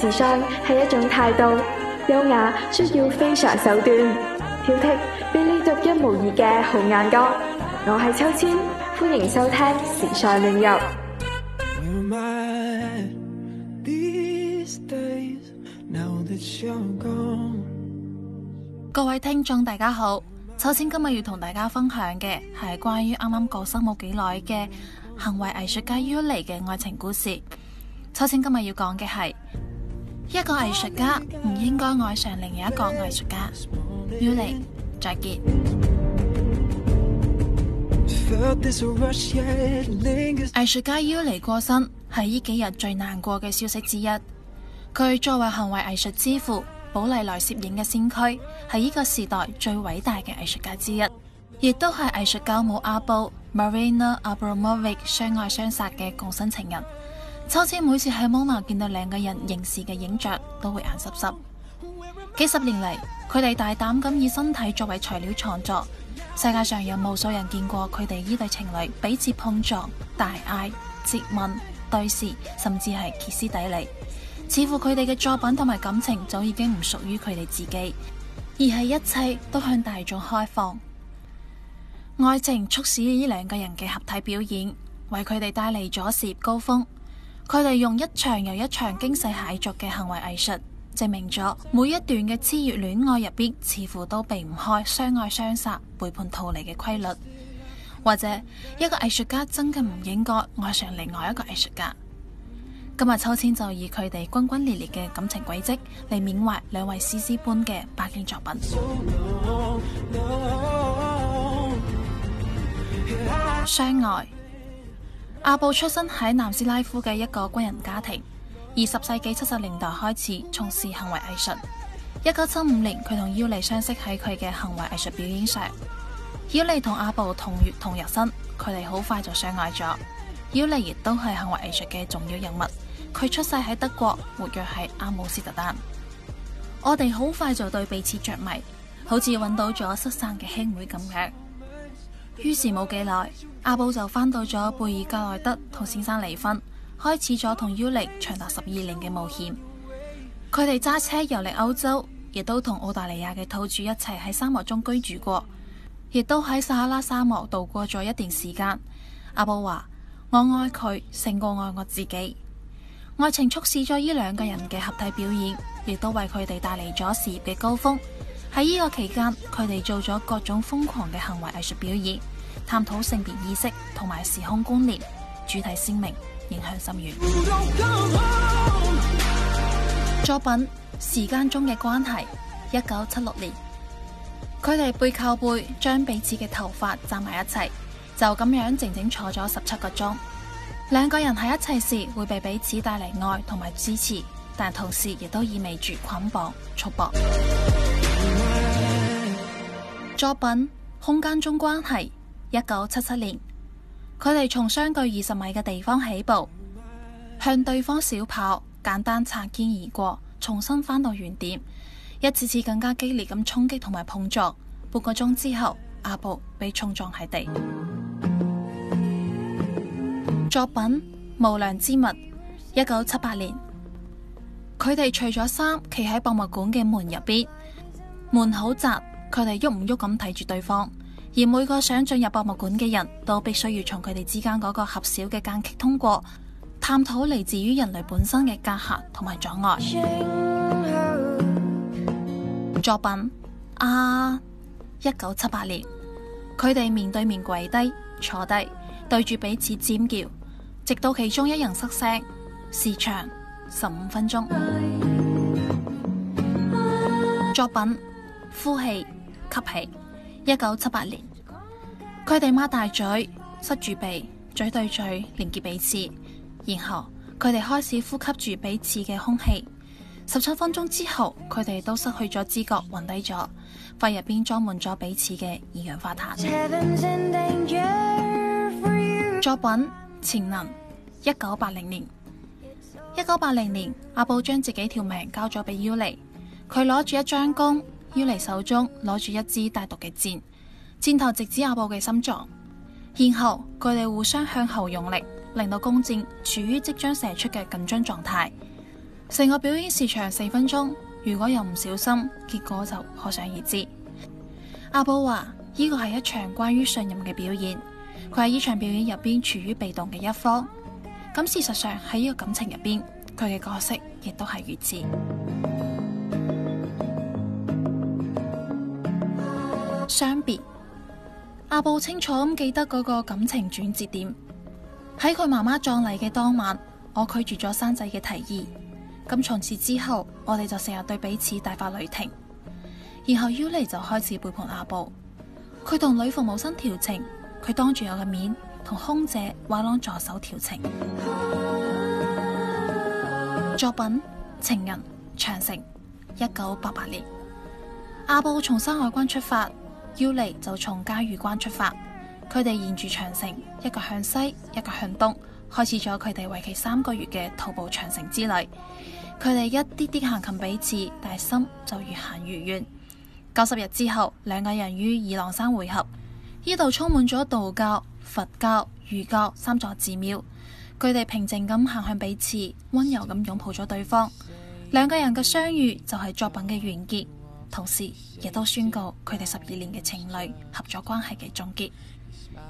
時尚係一種態度，優雅需要非常手段，挑剔，俾你獨一無二嘅好眼光。我係秋千，歡迎收聽時尚煉油。各位聽眾大家好，秋千今日要同大家分享嘅係關於啱啱過身冇幾耐嘅行為藝術家 Ulay 嘅愛情故事。秋千今日要講嘅係。一個藝術家唔應該愛上另一個藝術家。Ulay，再見。藝術家 Ulay 過身係呢幾日最難過嘅消息之一。佢作為行為藝術之父、寶麗來攝影嘅先驅，係呢個時代最偉大嘅藝術家之一，亦都係藝術教母阿布 Marina Abramovic 相愛相殺嘅共生情人。秋千每次喺 MOMA 見到兩個人凝視嘅影像，都會眼濕濕。幾十年嚟，佢哋大膽咁以身體作為材料創作。世界上有無數人見過佢哋呢對情侶彼此碰撞、大嗌、接吻、對視，甚至係歇斯底里。似乎佢哋嘅作品同埋感情早已經唔屬於佢哋自己，而係一切都向大眾開放。愛情促使呢兩個人嘅合體表演，為佢哋帶嚟咗事業高峰。佢哋用一場又一場驚世駭俗嘅行為藝術，證明咗每一段嘅熾熱戀愛入邊，似乎都避唔開相愛相殺、背叛逃離嘅規律。或者，一個藝術家真嘅唔應該愛上另外一個藝術家。今日秋千就以佢哋轟轟烈烈嘅感情軌跡，嚟緬懷兩位史詩般嘅八件作品。相愛、so no, no, no. yeah。阿布出生喺南斯拉夫嘅一個軍人家庭，二十世紀七十年代開始從事行為藝術。一九七五年，佢同 Ulay 相識喺佢嘅行為藝術表演上。Ulay 同阿布同月同日生，佢哋好快就相愛咗。Ulay 亦都係行為藝術嘅重要人物，佢出世喺德國，活躍喺阿姆斯特丹。我哋好快就對彼此着迷，好似揾到咗失散嘅兄妹咁樣。於是冇幾耐，阿布就返到咗貝爾格萊德，同先生離婚，開始咗同烏雷長達十二年嘅冒險。佢哋揸車遊歷歐洲，亦都同澳大利亞嘅土著一齊喺沙漠中居住過，亦都喺撒哈拉沙漠度過咗一段時間。阿布話：我愛佢，勝過愛我自己。愛情促使咗呢兩個人嘅合體表演，亦都為佢哋帶嚟咗事業嘅高峰。喺呢個期間，佢哋做咗各種瘋狂嘅行為藝術表演。探討性別意識同埋時空觀念，主題鮮明，影響深遠。作品《時間中嘅關係》，一九七六年，佢哋背靠背將彼此嘅頭髮紮埋一齊，就咁樣靜靜坐咗十七個鐘。兩個人喺一齊時會俾彼此帶嚟愛同埋支持，但同時亦都意味住捆綁、束縛。We are. 作品《空間中關係》。一九七七年，佢哋從相距二十米嘅地方起步，向對方小跑，簡單擦肩而過，重新返到原點，一次次更加激烈咁衝擊同埋碰撞。半個鐘之後，阿布被衝撞喺地。 作品《無量之物》，一九七八年，佢哋除咗衫，企喺博物館嘅門入邊，門口窄，佢哋喐唔喐咁睇住對方。而每個想進入博物館嘅人都必須要從佢哋之間嗰個狹小嘅間隙通過，探討嚟自於人類本身嘅隔閡同埋阻礙。 作品啊，一九七八年，佢哋面對面跪低坐低，對住彼此尖叫，直到其中一人失聲。時長十五分鐘。 作品，呼氣吸氣，一九七八年。佢哋擘大嘴，塞住鼻，嘴對嘴連結彼此，然後佢哋開始呼吸住彼此嘅空氣。十七分鐘之後，佢哋都失去咗知覺，暈低咗，肺入邊裝滿咗彼此嘅二氧化碳。 作品潛能，一九八零年。一九八零年，阿布將自己條命交咗俾 Ulay，佢攞住一張弓，Ulay 手中攞住一支帶毒嘅箭。箭頭直指阿布嘅心臟，然後佢哋互相向後用力，令到弓箭處於即將射出嘅緊張狀態。成個表演時長四分鐘，如果又唔小心，結果就可想而知。阿布話：呢個係一場關於信任嘅表演，佢喺呢場表演入邊處於被動嘅一方。咁事實上喺呢個感情入邊，佢嘅角色亦都係如此。相別。阿布清楚咁記得嗰個感情轉折點，喺佢媽媽葬禮嘅當晚，我拒絕咗生仔嘅提議。咁從此之後，我哋就成日對彼此大發雷霆。然後 Ulay 就開始背叛阿布，佢同女服務生調情，佢當住我嘅面同空姐畫廊助手調情。 作品《情人》長城，一九八八年。阿布從山海關出發。Ulay 就從嘉峪關出發，佢哋沿住長城，一個向西，一個向東，開始咗佢哋為期三個月嘅徒步長城之旅。佢哋一啲啲行近彼此，但係心就越行越遠。九十日之後，兩個人於二郎山匯合，呢度充滿咗道教、佛教、儒教三座寺廟。佢哋平靜咁行向彼此，溫柔咁擁抱咗對方。兩個人嘅相遇就係作品嘅完結。同時，亦都宣告佢哋十二年嘅情侶合作關係嘅終結。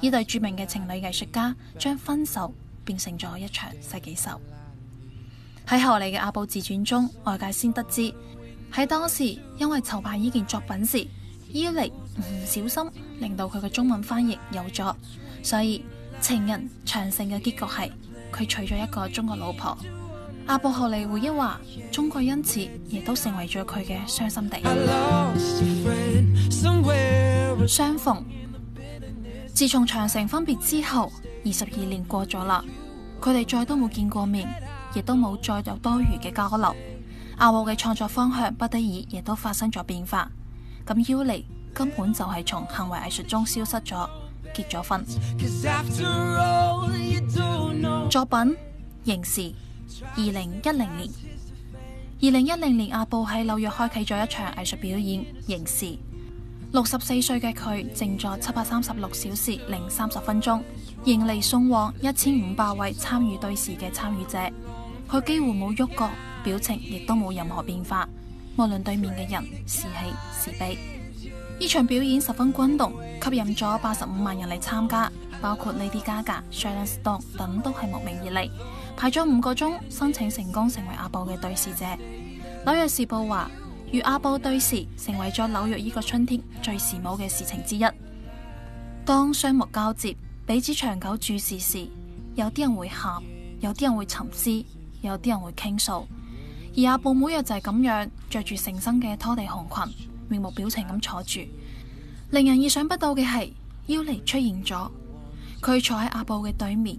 呢對著名嘅情侶藝術家將分手變成咗一場世紀秀。喺後嚟嘅阿布自傳中，外界先得知喺當時因為籌辦呢件作品時，伊力唔小心令到佢嘅中文翻譯有咗，所以情人長城嘅結局係佢娶咗一個中國老婆。阿布後來回憶話，中國因此亦都成為咗佢嘅傷心地。Friend, 相逢，自從長城分別之後，二十二年過咗啦，佢哋再都冇見過面，亦都冇再有多餘嘅交流。阿布嘅創作方向不得已亦都發生咗變化。咁 Ulay 根本就係從行為藝術中消失咗，結咗婚。All, 作品《刑事》。二零一零年，二零一零年阿布喺紐約開啟咗一場藝術表演《凝視》。六十四歲嘅佢，靜坐七百三十六小時零三十分鐘，迎嚟送往一千五百位參與對視嘅參與者。佢幾乎冇喐過，表情亦都冇任何變化，無論對面嘅人是喜是悲。呢場表演十分轟動，吸引咗八十五萬人嚟參加，包括 Lady Gaga、Sharon Stone 等都係慕名而嚟。排咗五個鐘，申請成功成為阿布嘅對視者。紐約時報話，與阿布對視成為咗紐約呢個春天最時髦嘅事情之一。當雙目交接，彼此長久注視時，有啲人會喊，有啲人會沉思，有啲人會傾訴。而阿布每日就係咁樣，着住成身嘅拖地紅裙，面無表情咁坐住。令人意想不到嘅係，烏雷出現咗，佢坐喺阿布嘅對面。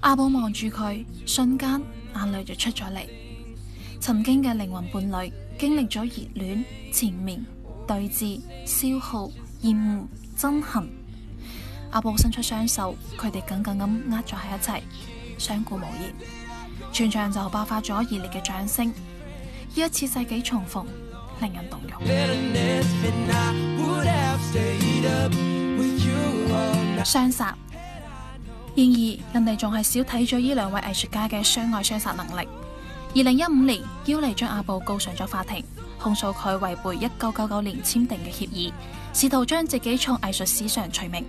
阿布望住佢，瞬間眼淚就出咗嚟。曾經嘅靈魂伴侶，經歷咗熱戀、纏綿、對峙、消耗、厭惡、憎恨。阿布伸出雙手，佢哋緊緊咁握咗喺一齊，相顧無言。全場就爆發咗熱烈嘅掌聲。呢一次世紀重逢，令人動容。然而，人哋仲係少睇咗呢兩位藝術家嘅相愛相殺能力。二零一五年，Ulay 將阿布告上咗法庭，控訴佢違背一九九九年簽訂嘅協議，試圖將自己從藝術史上除名。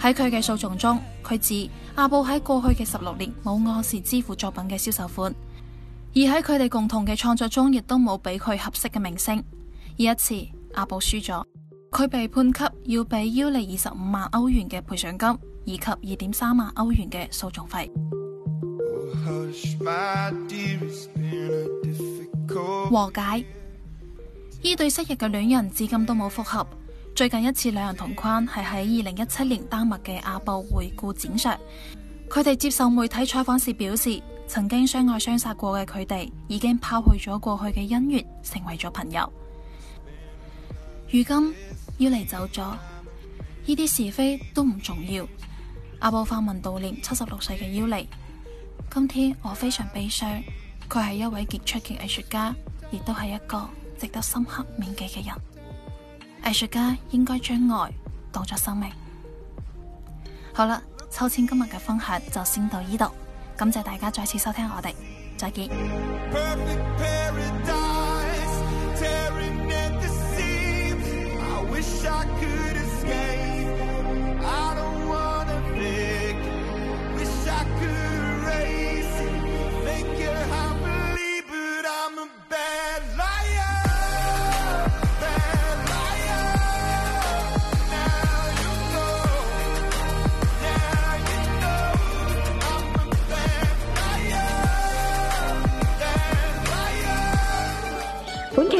喺佢嘅訴訟中，佢指阿布喺過去嘅十六年冇按時支付作品嘅銷售款，而喺佢哋共同嘅創作中，亦都冇俾佢合適嘅名聲。而一次，阿布輸咗，佢被判要給要俾 Ulay 二十五萬歐元嘅賠償金。以及二點三萬歐元嘅訴訟費和解。依對昔日嘅戀人至今都冇復合。最近一次兩人同框係喺二零一七年丹麥嘅阿布回顧展上。佢哋接受媒體採訪時表示，曾經相愛相殺過嘅佢哋已經拋棄咗過去嘅恩怨，成為咗朋友。如今要離走咗，呢啲是非都唔重要。阿布發文悼念七十六歲嘅烏雷。今天我非常悲傷，佢係一位傑出嘅藝術家，亦都係一個值得深刻銘記嘅人。藝術家應該將愛當作生命。好啦，秋千今日嘅分享就先到呢度，感謝大家再次收聽我哋，再見。